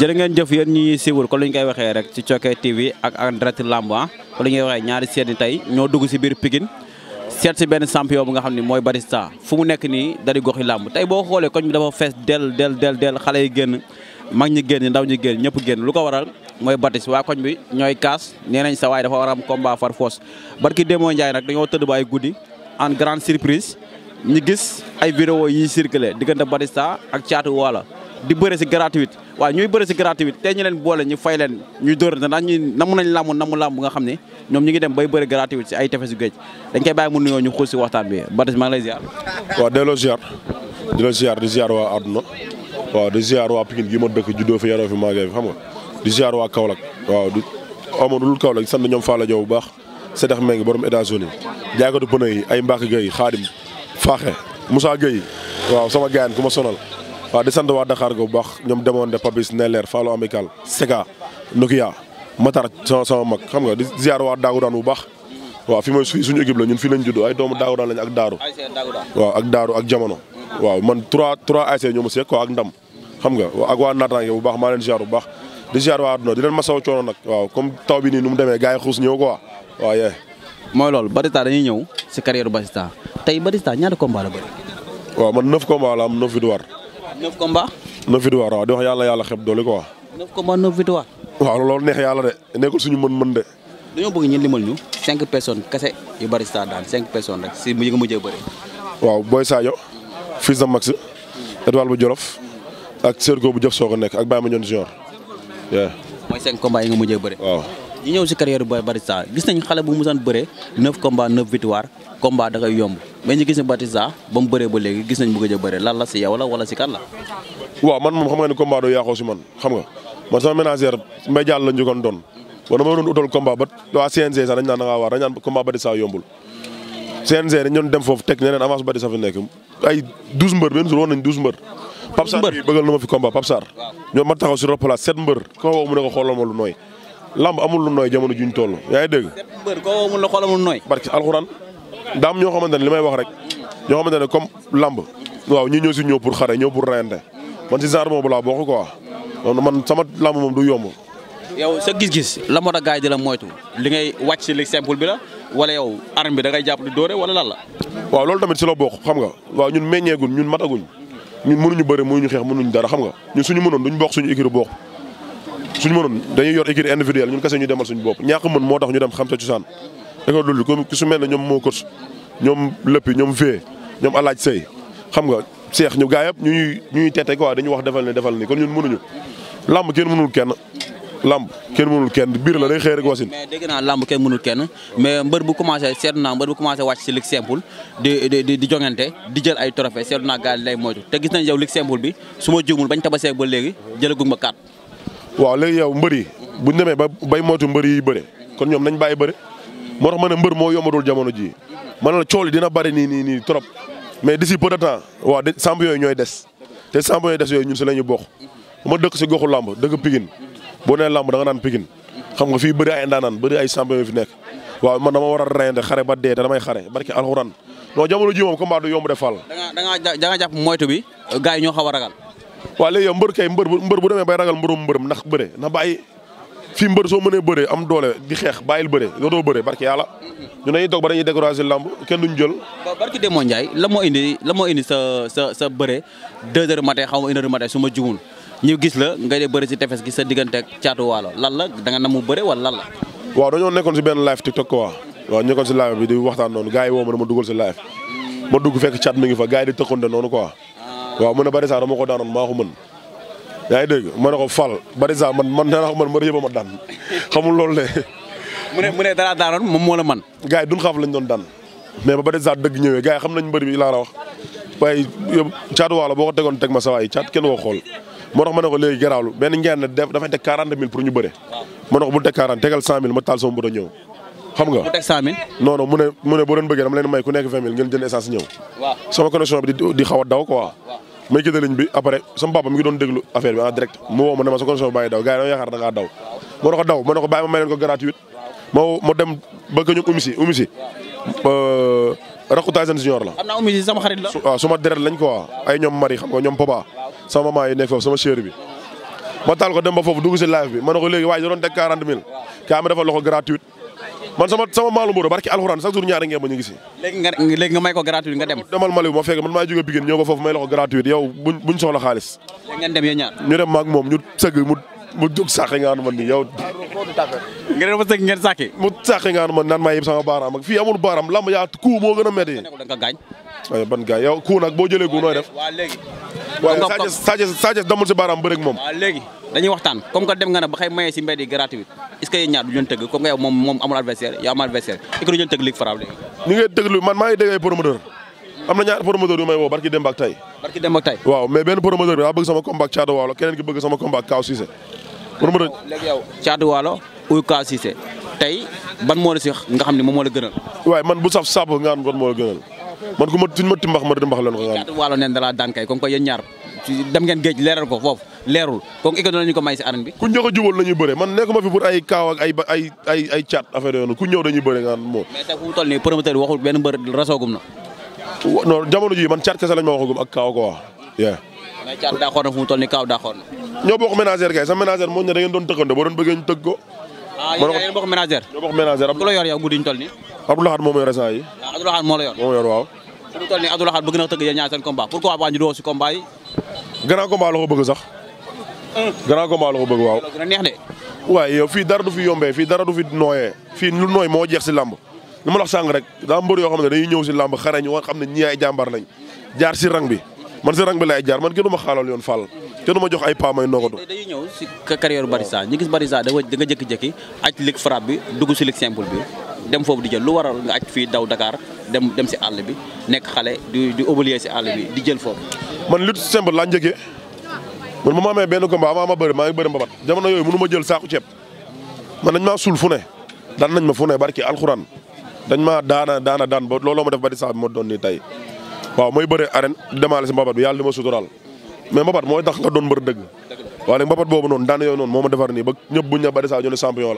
jërëngën jëf yeen ñi siiwul ko li koy waxé rek ci TV ak Andrati Lamba ko ah kon li ñaari seeni tay ñoo dugg si biir pigin sét si benn champion bu nga xamni moy barista fu mu nekk ni dari goxi lamb tay bo xolé koñ bi dafa fess del del del del xalé yi génn mag ñi génn ndaw ñi génn ñëpp génn lu ko waral moy barista. wa koñ bi ñoy kaas nenañ sa way dafa waram combat far force barki demo Ndiaye nak dañoo teud ba goudi en grande surprise ñu gis ay vidéo yi circulé diggante Batista ak Caatu Waalo di bëre si gratuite waa ñuy bëre si gratuite te ñu leen boole ñu fay leen ñu dóor na ñu namu nañ làmb namu làmb nga xam ne ñoom ñu ngi dem bay bëre gratuite si ay tefesu géej dañ koy bàyyi mu nuyoo ñu xuus si waxtaan bi Batista maa ngi lay ziar. waaw delloo ziar di la ziar di ziar waa àdduna waaw di ziar waa Pikine gi ma dëkk juddoo fi yaroo fi màggee fi xam nga di ziar waa Kaolack waaw du amadul Kaolack sant ñoom bu baax Sedex Meng borom États-Unis jaagatu pëne yi ay mbàkk gay Faxe Moussa Gueye waaw sama gaayan ku ma sonal waaw di sant waa Dakar go bu baax ñoom demoon de Papis Neller Fallou Amical Sega Nokia Matar sama sama mag xam nga di ziar waa Daagu daan bu baax waaw fi mooy suñu équipe la ñun fii lañ juddoo ay doomu Daagu daan lañ ak Daaru waaw ak Daaru ak jamono waaw man trois trois ASC ñoo ma seeg quoi ak ndam xam nga ak waa naataange bu baax maa leen ziar bu baax di ziar waa àdduna di leen masaw coono bi nii mu demee gars yi xuus ñëw quoi waaw yee mooy loolu Batista dañuy ñëw si tey Batista ñaar combat la bari wa man neuf combat la am neuf victoire. neuf combat. neuf victoire wa di wax yalla yàlla xeb doli quoi. neuf combat neuf victoire. wa loolu neex yalla de nekkul suñu mën-mën de. dañu bëgg ñu limal ñu cinq personnes kasse yu Batista daan cinq personnes rek si yi nga mujjee bari wa Boy Sadio. Fils de Max. etoile bu jorof ak Sergo bu Jof soko nek nekk ak Baye Mandione Junior. moy cinq combat yi nga mujjee bëri. waaw. ñu ñëw si carrière Boy Batista gis nañ xale bu musaan bëre 9 combats 9 victoires combat da koy yomb gis ne Batista ba mu bëree ba léegi nga ne combat du yaaxoo si man xam nga man sama ménagère mbay jàll la na ma fi combat Pape Sarr. ñoom ma taxaw si replace 7 ko xoolal ma lu nooy lamb amul lu nooy jamono juñ toll yaa ngi dégg. mbër koo amul la xool amul nooy. barki alxuraan daam ñoo xamante ne li may wax rek ñoo xamante ne comme lamb waaw ñi ñoo si ñëw pour xare ñëw pour rayante man si genre boobu laa bokk quoi man sama lamb moom du yomb. yow sa gis-gis la moo tax gars yi di la moytu li ngay wàcc si li simple bi la wala yow arme bi da ngay jàpp di dóore wala lan la. waaw loolu tamit si la bokk xam nga waaw ñun meññeeguñ ñun mataguñ ñun mënuñu bëre mënuñu xeex mënuñu dara xam nga ñun suñu mënoon duñ bokk suñu écurie bokk suñu mënoon dañuy yor équipe individuelle ñun kese ñu demal suñu bopp ñàkk mën moo tax ñu dem xam sa cosaan école loolu comme ku su mel ne ñoom moo kurs ñoom lëppi ñoom vee ñoom alaaj sëy xam nga seex ñu gaa yëpp ñuy ñuy tete quoi dañuy wax defal ne defal ni kon ñun mënuñu làmb kenn mënul kenn lamb kenn mënul biir la day xëy rek wasin mais dégg naa lamb kenn mënul kenn mais mbër bu commencé seetlu naa mbër bu commencé wàcc si lig simple di di di jongante di jël ay trophée seetlu naa gars l lay moytu te gis nañ yow lig simple bi su ma juumul bañ tabasee ba léegi jëlagum ma kat waaw léegi yow mbër yi bu ñu demee ba bay moytu mbër yi bëre kon ñoom nañ bàyyi bëre moo tax ma ne mbër moo yombadul jamono jii ma ne la cool dina bëri ni nii nii trop mais d'ici peu de temps waaw de yooyu ñooy des te champion yooyu des yooyu ñun si la ñu bokk ma dëkk si goxu làmb dëkk Pikine boo nee làmb da nga naan Pikine xam nga fii bëri ay ndaanaan bëri ay champion yu fi nekk waaw man dama war a reyante xare ba dee te damay xare barki alxuraan non jamono ji moom combat du yomb de yi ñoo xaw a ragal waaw yow mbeur kay mbeur mbeur bu demé bay ragal mbërum mbërëm nax bëre na bàyyi fi mbeur so meune bëre am doole di xex bayil bàyyil do do bëre barki yalla ñu nay dog ba dañuy décorager lamb kenn duñ jël barki demo ndjay la mo indi la mo indi sa sa sa bëre 2 heures matin xam 1 heure matin suma ma jumul ñu gis la nga dee bëre ci tefes gi sa digënté ak caatu waalo lan la da nga namu bëre wala lan la wa dañu nekkon ci ben live TikTok quoi wa ñëkkon ci live bi di waxtaan non gaay wo ma dama duggal ci live ma dugg fekk chat mi ngi fa gaay yi di tëkkante non quoi waaw mu ne Barisa dama ko daanoon maa ko mën yaa ngi dégg ne ko Fall Barisa man man nee ko man mbër reebama a daan xamul lol le mu ne mu ne dara daanoon moom mo la man gaay duñ xaf lañ doon daan mais ba Barisa dëgg ñëwee gars yi xam nañ mbeur bi la la wax way chat wala boko tegon tek ma sa waay caat kenn woo xool. moo tax mané ko légui garaawlu ben ngén ne dafay tek 40000 pour ñu bëré mo tax bu tek 40 tegal 100000 ma taal sama moto ñew xam nga bu teg 100 non non mu ne mu ne boo doon bëggee dama leen may ku nekk 20000 ngeen jënd essence ñew waaw sama connexion bi di xawa daw quoi. may jënd ligne bi après sama papa mi ngi doon déglu affaire bi en direct mu woo ma ne ma sa condition bàyyi daw gars yi da nga yaakaar daw ma ne ko daw ma ne ko bàyyi ma may leen ko gratuit ma ma dem ba ko ñoom umi si umi si rakku Tyson la. am naa umi si ay ñoom mari xam nga ñoom papa sama maman yi nekk sama chérie bi ma taal ko dem ba foofu dugg si live bi ma ne ko léegi waaye doon teg 40 000 kaa ma defal loxo gratuit man sama sama maalu mboro barki alxuraan chaque jour ñaari ngeen ma ñu ngi si léegi nga léegi nga may ko gratuit nga demal Maliou ma fekk man maa jóge Bigéen ñëw ba may la gratuit yow buñ buñ soxla xaalis ñu dem maag moom ñu sëgg mu mu jóg sàqi ni yow ngeen ma sëgg ngeen sàqi mu sàqi nga man naan maa yëpp sama baaraam ak fii amul baaraam lamb yaa ku moo gën a metti ay ban gaay yow ku nag boo jëlee gu nooy si baaraam bërek moom dañuy waxtan comme ko dem nga na ba xëy maye ci mbedd yi gratuit est ce que ñaar du ñu tëgg comme que yow mom moom amul adversaire yow amul adversaire est ce que du ñu tëgg ligue faraw ni ñu ngi tëgg man maay dégué promoteur amna ñaar promoteur yu may wo barki dem ak tay barki dem ak tay waaw mais ben promoteur bi daa bëgg sama combat Thiatou Walo keneen ki bëgg sama combat Kaw Cissé promoteur léegi yow Thiatou Walo ou Kaw Cissé tay ban mo la si nga xamni mo moom la gënal waaye man bu saf sàpp nga am ban mo la gënal man ko ma tin ma timbax ma dem bax lan ko nga Thiatou Walo neen da la dankay comme ko yéen ñaar dam ngeen geej leral ko foofu lerul kon école la ñu ko may ci arène bi ku ñoko ko jubal la ñuy bëre man nekkuma fi pour ay kaw ak ay ay ay chat affaire yoonu ku ñew dañu bëre nga mo mais tey fu mu promoteur waxul ben mbër rasogum na no jamono ji man chat kessa lañ ma waxagum ak kaw ko wax yeah mais chat da xorna fu tolni kaw da xorna ño bokk ménager kay sa ménager mo ñu da ngeen doon tekkande bo doon bëggee ñu tëgg ko ah yéen bokk ménager ño bokk ménager ku la yor yow guddiñ tolni toll mo may resa yi Abdoulahat mo la yor mo yor waaw fu mu toll bëgg na tëgg ya ñaar sen combat pourquoi ba ñu do ci combat yi grand combat la ko bëgg sax. grand combat la ko bëgg waaw. neex de. waaye yow fii dara du fi yombee fii dara du fi nooyee fii lu nooy moo jeex si làmb li ma la wax rek daa mbër yoo xam ne dañuy ñëw si làmb xarañ ñu xam ne ñii ay jàmbaar lañ jaar si rang bi man si rang bi laay jaar man kenn ma xaalal yoon fàll kenn du ma jox ay paa may noogatu. dañuy ñëw si carrière saa ñu gis Barissa da nga jékki-jékki aj lig frappe bi dugg si lig simple bi. dem foofu di jël lu waral nga aj fii daw dakaar dem dem si àll bi nekk xale di di si àll bi di jël foofu. man lutte simple laa njëkkee man bu ma amee benn combat maa ma bëri maa ngi bëri mbabat jamono yooyu mënu ma jël saako ceeb ma dañ maa suul fu ne daan nañ ma fu ne barki alxuraan dañ maa daana daana daan ba looloo ma def ba di sax bi ma doon nii tey waaw mooy bëre arène di demaale si mbabat bi yàlla di ma suturaal mais mbabat mooy tax nga doon mbër dëgg waaw léegi daan yooyu noonu moo ma defar nii ba ñëpp buñ ne ba di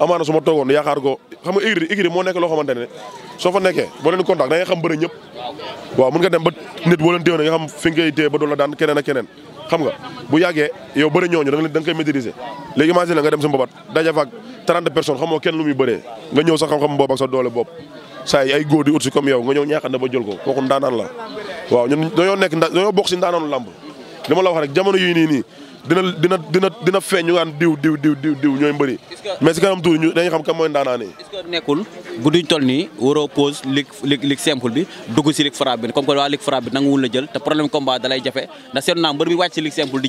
amana suma togon toogoon yaakaar ko xam nga igri igri mo nek lo xamantene so fa nekke bo len contact da nga xam beure ñep waaw mën nga dem ba nit boo leen téye nga xam fi ngay koy ba do la daan keneen ak keneen xam nga bu yagge yow beure ñoñu da nga koy maîtriser léegi imagine la nga dem sa bobat dajja fak 30 personnes xamoo kenn lu muy beure nga ñew sa xam-xam boobu ak sa doole bob say ay goor di ut comme yow nga ñew ñaaxal na ba jël ko kokku ndaanaan la waaw ñun dañu nek dañu bok ci ndaanaanu làmb li ma la wax rek jamono yii ni ni dina dina dina dina feeñ ñu naan diw diw diw diw diw ñooy mbëri mais si kanam tuuti ñu nii waroo bi dugg si lig frappe bi comme que waa lig frappe bi nanguwul la jël te problème di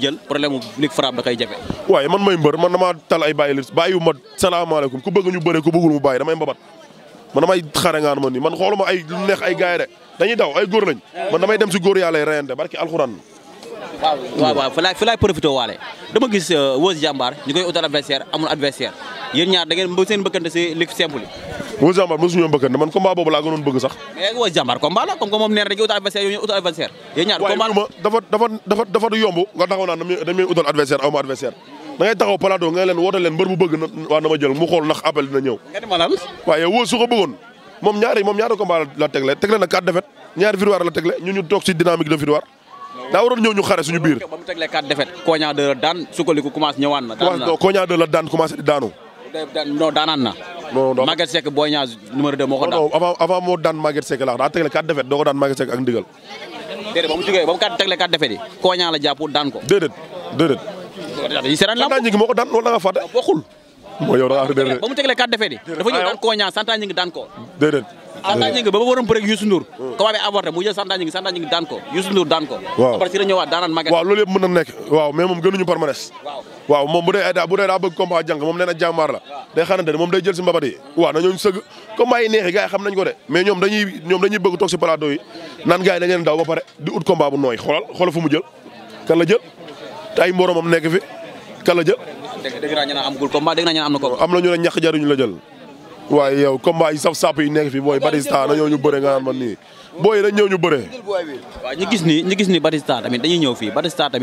jël problème mu lig frappe da koy jafe. waaye man may mbër man damaa tal ay bàyyi lis bàyyi wu salaamaaleykum ku bëgg ñu bëree ku bëggul mu bàyyi damay man damay ay lu neex ay gaay de dañuy daw ay góor lañ man damay dem si góor yàlla reyante barki alxuraan waaw waaw waaw fa laay fa laay profité waale dama gis Weuz jambar ñu koy utal adversaire amul adversaire yeen ñaar da ngeen seen bëkkante si lig simple yi jambar mësu ñu mbëkkante man combat bobu la gënon bëgg sax mais Weuz jambar combat la comme que moom neen rek outal adversaire yoy outal adversaire yeen ñaar combat ma dafa dafa dafa dafa du yomb nga taxaw na dañ may utal adversaire aw adversaire da ngay taxaw plateau nga leen wotal leen mbeur bu bëgg wa dama jël mu xol nak appel dina ñëw waaye Weuz su ko bëggoon moom ñaari mom ñaari combat la tegle tegle na quatre défaite ñaar victoire la tegle ñun ñu tok ci dynamique de victoire daa waroon ñëw ñu xare suñu biir. ba mu tegle quatre défaites. Kogna de la ñëwaan na. daan de la daan commencé di ko daan. non avant avant moo daan Maguette Seck laax daan Maguette Seck ak ndigal. déedéet ba mu jugee ba mu kat da ngaa ñëw daan Kogna santaa ñi daan ko santagne nga ba waram pour ak Youssou Ndour ko wabe avorté mu jël santagne nga santagne dan ko Youssou Ndour daan ko après ci la ñëwaat daanan magal waaw loolu yëpp mën na nekk waaw mais moom gënuñu palmarès waaw moom bu dee ay da bu dee daa bëgg combat jàng moom nee na jàmbaar la day xanante moom day jël si mbabat yi waaw nañu sëgg combat yi neexi gars yi xam nañ ko de mais ñoom dañuy ñoom dañuy bëgg toog si plateau yi naan gars yi dañ leen daw ba pare di ut combat bu nooy xoolal xoolal fu mu jël kan la jël te mboromam nekk fi kan la jël dégg naa ñu am gul combat dégg naa ñu am na ko am na ñu ne jaruñu la jël waaye yow combat yi saf sàpp yi nekk fi booy Batista no ñëw bore bëre nga naan man nii booy dañ ñëw ñu bëre. waaw ñu gis ni ñu gis ni Batista tamit dañuy ñëw fii Batista the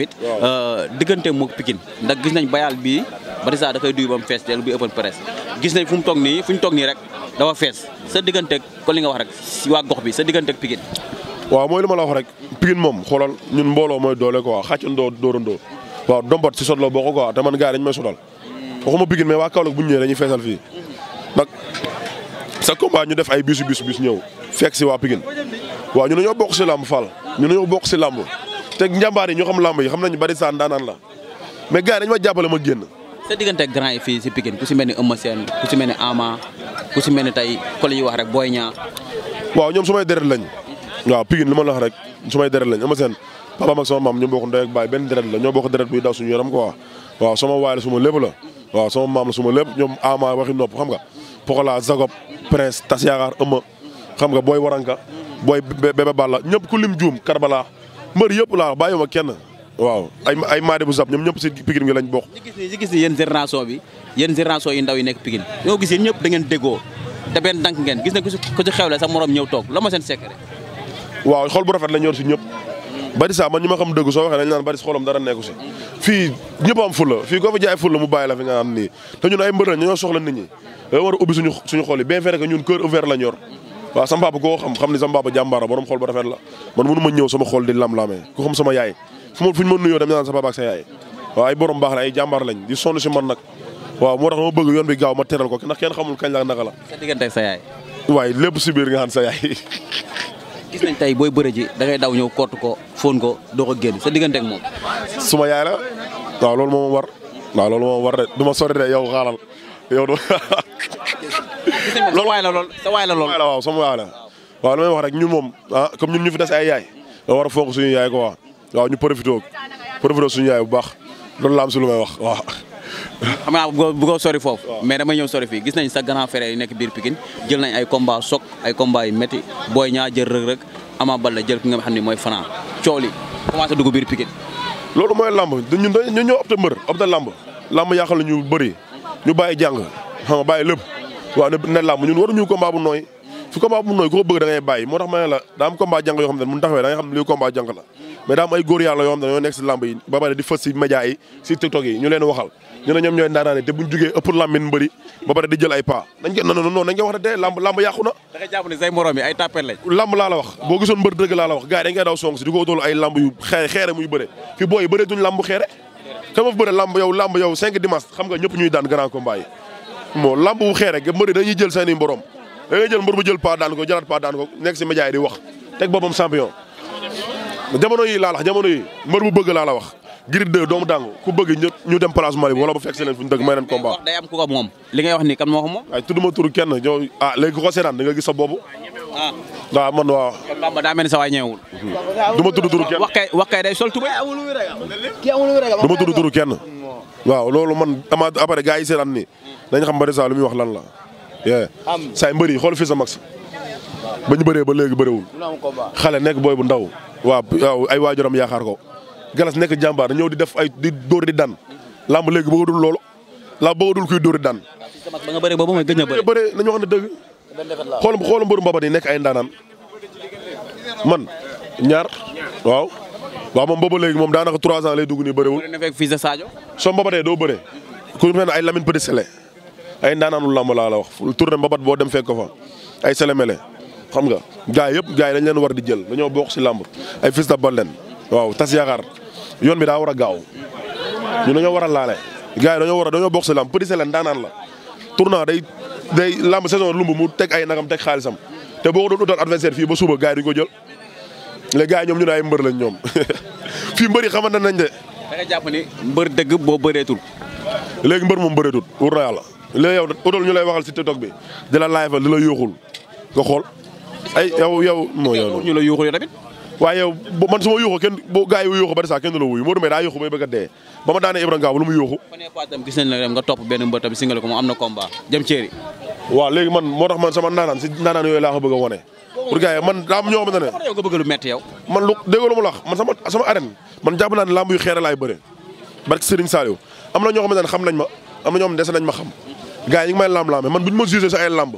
gun moog move picking. The gun bayal buy Batista da koy duy do one fees dellu be open press gis nañ fum tong ni, nii tong ni rek dawa fees sa digganteeg ko li nga wax rek si waa gox bi sa digganteeg Pikine. waaw mooy li ma la wax rek Pikine moom xoolal ñun mbooloo mooy doole quoi do dóorandoo wa dompat si sot la bokk quoi te man gars yi mau may sotal waxuma Pikine mais waa Kaolack nag sa combat ñu def ay bisu bisu bis ñëw fekk si waa Pikine waaw ñu ne ñoo bokk si làmb Fall ñu ne ñoo bokk si làmb te njàmbaar yi ñoo xam làmb yi xam nañu bari saan daanaan la mais gars yi dañu ma jàppale ma génn. sa diggante grand yi fii si Pikine ku si mel ni Eumeu Sène ku si mel ni Ama ku si mel ni tey ko yi wax rek Boy Niang. waaw ñoom sumay deret lañ waaw Pikine li ma la wax rek sumay deret lañ Eumeu Sène papaam ak sama maam ñu bokk ndey baay benn deret la ñoo bokk deret buy daw suñu yaram quoi waaw sama waay la suma lépp la waaw nga Pokola Zagop Prince Tas Yaakaar Ëmma xam nga booy Waranka booy Bébé Balla ñëpp ku lim juum Karbala mbër yëpp laa bàyyiwuma kenn. waaw ay ay maade bu sab ñoom ñëpp si Pikine gi lañ bokk. ñu gis ni ñu gis ni yéen génération bi yéen génération yu ndaw yi nekk Pikine ñoo gis yéen ñëpp da ngeen déggoo te benn dank ngeen gis ne ku ci xewle sax moroom ñëw toog la ma seen secret. waaw xol bu rafet la ñor si ñëpp Batista man ñi ma xam dëgg soo waxee dañ naan Batista xolam dara nekku si fii ñëpp am fulla fii koo fi jaay fulla mu bàyyi la fi nga am nii te ñun ay mbër lañ ñoo soxla nit a ubbi suñu suñu xol yi bien fait que ñun cœur ouvert lañ yor waaw sama papa koo xam xam ni sama papa jàmbaara borom xol ba rafet man mënu ma ñëw sama di lam ma fu ñu ma nuyoo si man nag waaw moo tax ma bëgg yoon bi gaaw ma teral ko ndax kenn xamul kañ la a la waaye lépp si biir nga xam sa yaay gis nañ tey booy bëre ji da daw ñëw kort ko fóon ko doo ko génn sa diggante moom. suma yaay la waaw loolu moom war waaw loolu moom war de du ma sori de yow xaaral yow du. loolu la lool sa waay la lool. waaw sama waay la waaw li may wax rek ñun moom ah comme ñun ñu fi des ay yaay. da war a suñu yaay quoi waaw ñu profité profité suñu yaay bu baax loolu la am si lu may wax waaw. xam naa bu sori foofu mais damay ñëw sori fii gis nañ sa grand frère yi nekk biir Pikine jël nañ ay combat soog ay combat yu métti booy ñaa jël rëg rëg Ama Baldé jël ki nga xam ne mooy Franc coow li commencé dugg biir Pikine loolu mooy lamb ñun ñu ñoo opte mbër opte lamb lamb yàqal ñu bëri ñu bàyyi jàng xam nga bàyyi waaw ne lamb ñun waruñu combat bu nooy su combat bu nooy ko bëgg da ngay bàyyi moo tax ma ne la daa am combat jàng yoo xam ne mun taxawee da ngay xam ne lii combat ba pare di fës ñu leen waxal ñu ne ñoom ñooy ndaanaane te buñ jugee ëpp làmmin mbëri ba pare di jël ay pas nañ ko non non nañ ko wax ne dee làmb làmb yàqu na da nga jàpp ni say morom yi ay tàppel lañ làmb laa la wax boo gisoon mbër dëgg laa la wax gars yi dañ koy daw song si di ko doolu ay làmb yu xeere muy bëre fi booy bëree duñ làmb xeere xama bëre làmb yow làmb yow cinq dimanche xam nga ñëpp ñuy daan grand combat yi moo làmb bu xeere mbëri dañuy jël seen i mborom da ngay jël mbër bu jël pas daan ko jëlaat pas daan ko nekk si média yi di wax teg boppam champion jamono yi laa la wax jamono yi mbër bu bëgg laa la wax Gris 2 doomu dangu ku bëgg ñëpp ñu dem place Mali wala bu fekk si leen fu ñu dëgg may leen combat. day ku ko moom li ngay wax ni kan moo ko moom. ay tudduma turu kenn yow ah léegi ku ko seetaan da nga gis sa boobu. ah waaw man waaw. Bamba daa mel ni sa waay ñeewul. du ma tudd turu kenn wax kay wax kay day sol tubé. du ma tudd waaw loolu man ama après gars yi seetaan nii dañ xam Bada Sa lu muy wax lan la. saay mbëri yi xool fii sa mag si ba ñu bëree ba léegi bëriwul. xale nekk booy bu ndaw waaw ay waajuram yaakaar ko galas nekk jàmbaar ñëw di def ay di dóor di daan lamb léegi bëggadul loolu làmb bëggadul kuy dóor di daan. ba nga bëree boobu mooy gëj na bëri nañu wax ne dëgg. xool xool mbëru mbabat yi nekk ay man ñaar waaw. waaw moom booba léegi moom daanaka trois ans lay dugg nii bëriwul. soo mbabatee doo bëree. ku mel ne ay Lamine Petit Sélé ay ndaanaanu làmb laa la wax tournée mbabat boo dem fekk ko fa ay Sélé Mélé xam nga gars yëpp gaay yi dañ leen war di jël dañoo bokk si làmb ay fils de Balen waaw tas yaakaar yoon bi daa war a gaaw ñu dañoo war a laale gars yi dañoo war a dañoo bokk si lamb Petit Sélé daanaan la tournant day day lamb saison lumb mu teg ay nagam teg xaalisam te boo ko doon utal adversaire fii ba suba gaa yi duñ ko jël les gars ñoom ñu ne ay mbër lañ ñoom fii mbër yi xamante nañ de. da nga mbër dëgg boo bëreetul. léegi mbër moom bëreetul wóor yàlla léegi yow utal ñu lay waxal si TikTok bi di la live di la yóoxul nga xool ay yow yow. moo yow ñu la yóoxul tamit. waaye yow man su ma yuuxoo kenn boo gars yi yuuxoo ba de sax kenn du la wuyu Modou Mbaye daa yuuxu bay bëgg a dee ba ma daanee Ibrahima Ngaabu lu mu yuuxu tam moo tax man sama naanaan si naanaan yooyu laa a wone pour gars yi man daa am ñoo xamante ne yow nga bëgg lu metti am na ñoo xam nañ ma am na ñoo xam ne des nañ ma xam gars yi ñu ngi may lamb man bu ma jugé si ay lamb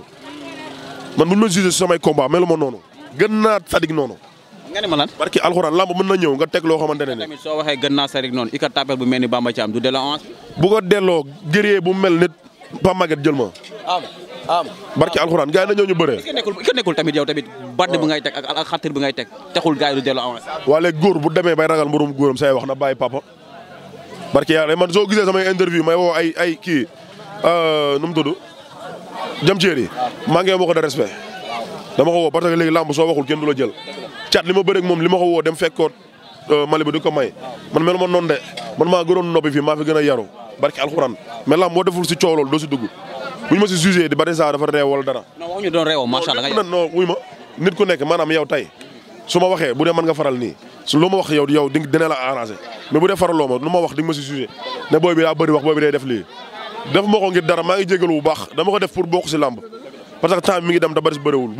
man bu ñu ma jugé si samay combat melu ma noonu gën naa sadik noonu nga ne ma lan barki alxuraan lamb mën na ñëw nga teg loo xamante ne ne tamit i ka tapel bu mel ni Bamba Thiam du delloo avance bu ko delloo gëree bu mel nit Pa Maguette jël ma am am barki alxuraan gars yi na ñëw ñu bëree i nekkul tamit yow tamit badd bu ngay teg ak xattir bu ngay teg texul gars yi du delloo avance waa léegi góor bu demee bay ragal mburum góoram say wax na bàyyi papa barki yàlla man soo gisee samay interview may woo ay ay kii euh, nu mu tudd jëm ceer yi maa ngi wax de respect dama ko soo waxul kenn du jël caat li ma bëreeg moom li ma ko woo dem fekkoon euh, Mali ba di ko may man mel ma noonu de man maa gënoon noppi fii maa fi gën a yaru barki alxuraan mais lam moo deful si coow loolu doo si dugg bu ñu ma si jugé di bari saa dafa réew wala dara. non nit ku nekk maanaam yow tey su ma waxee bu de mën nga faral nii su loo ma wax yow yow di dina la arrangé mais bu dee faraloo ma lu ma wax di nga ma si jugé ne booy bi daa bëri wax booy bi day def lii def ma ko dara maa ngi jégalu bu baax dama ko def pour bokk si làmb parce ngi dem da bëri si bëriwul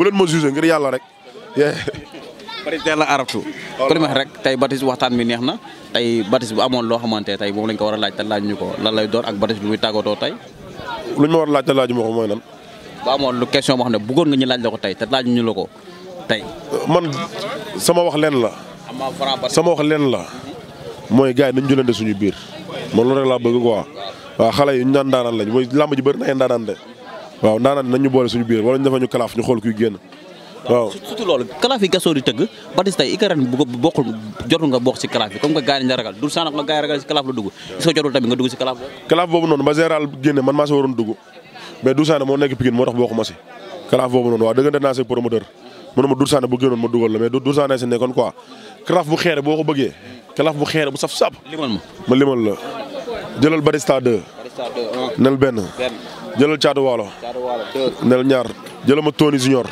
président la arabtu ku li rek tey batis waxtaan bi neex na tey batis bu amoon loo xamante tey moom lañ ko war a laaj te laaj ñu ko lan lay doon ak batis lu tey lu ñu ma war a laaj ko mooy nan ba amoon lu question boo xam ne bëggoon nga ñu laaj la ko tey te laaj ñu la ko tey man sama wax leen la sama wax leen la mooy gaa yi nañ jëlante suñu biir man lu rek laa bëgg quoi waa xale yi ñu naan daanaan lañ mooy làmb ji bëri na ay ndaanaan de waaw ndaanaan nañ boole suñu biir wala ñu defa ñu kalaaf ñu xool kuy génn waaw surtout loolu kalaaf yi gasoo di joronga Batista yi ikaran bu ko bokkul jotul nga bokk si kalaaf yi comme que gars yi la si man maa si waroon dugg mais du sànq moo nekk Pikine moo tax bokkuma si kalaaf boobu noonu waaw dëggante naa si promoteur mënuma dur sànq bu génnoon ma dugal la mais dur sànq si nekkoon quoi kalaaf bu xeere boo nel benn jëlal Thiatou Walo nel Tony Junior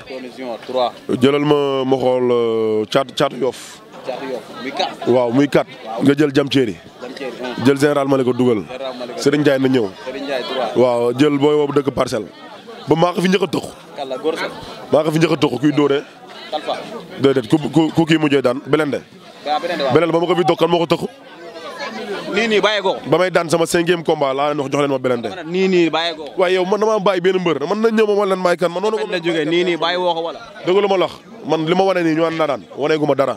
jëlal ma ma caatu euh, caatu waaw muy 4 nga jël jam ceeri. jël général Malika dugal. Serigne Ndiaye na ñëw. waaw jël booy boobu dëkk parcelle. ba maa ko fi njëkk a tëq. kàlla góor maa ko fi njëkk a tëq kuy dóore. déedéet ku ku kii mujjee daan Belende. waaw Belende ba ma ko fi toog kan moo ko tëq. nii nii bàyyi ko ba may daan sama cinquième combat laa leen wax jox leen ma belante nii nii bàyyi ko waaye yow man damaa bàyyi benn na ñëw moom may kan man noonu la jógee nii ma lax man li ma wane nii ñu an naa daan dara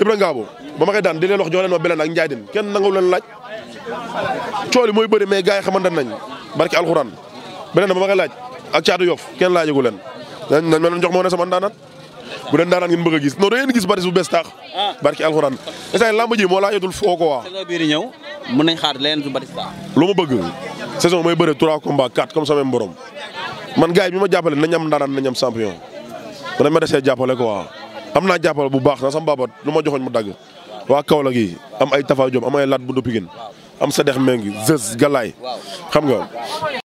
Ibra Ngabou ba ma koy daan di leen wax jox leen ma beleen ak njaay din kenn nangaw leen laaj cool yi mooy bëri mais gars yi xamante nañ barki alxuraan beneen ba ma koy laaj ak caatu yof kenn laajagu leen nañ ma leen jox moo ne sama ndaanaan bu den daanaan ngeen bëgg a gis non da ngeen gis Batiste bu bees taax ah. barki alxuraan instant làmb ji moo laajatul foo ko waa ñëw mën nañ xaar leen su Batiste lu ma bëgg saison mooy bëre trois combats quatre comme sama borom man gars bi ma jàppale nañ am ndaanaan nañ am champion danañ ma jàppale ko waa am naa jàppal bu baax na sama baba lu ma joxoon mu dagg waa Kaolack yi am ay Tafa Diop am ay Lat bu Pikine am Sadex ngi Zeus Galaay xam nga.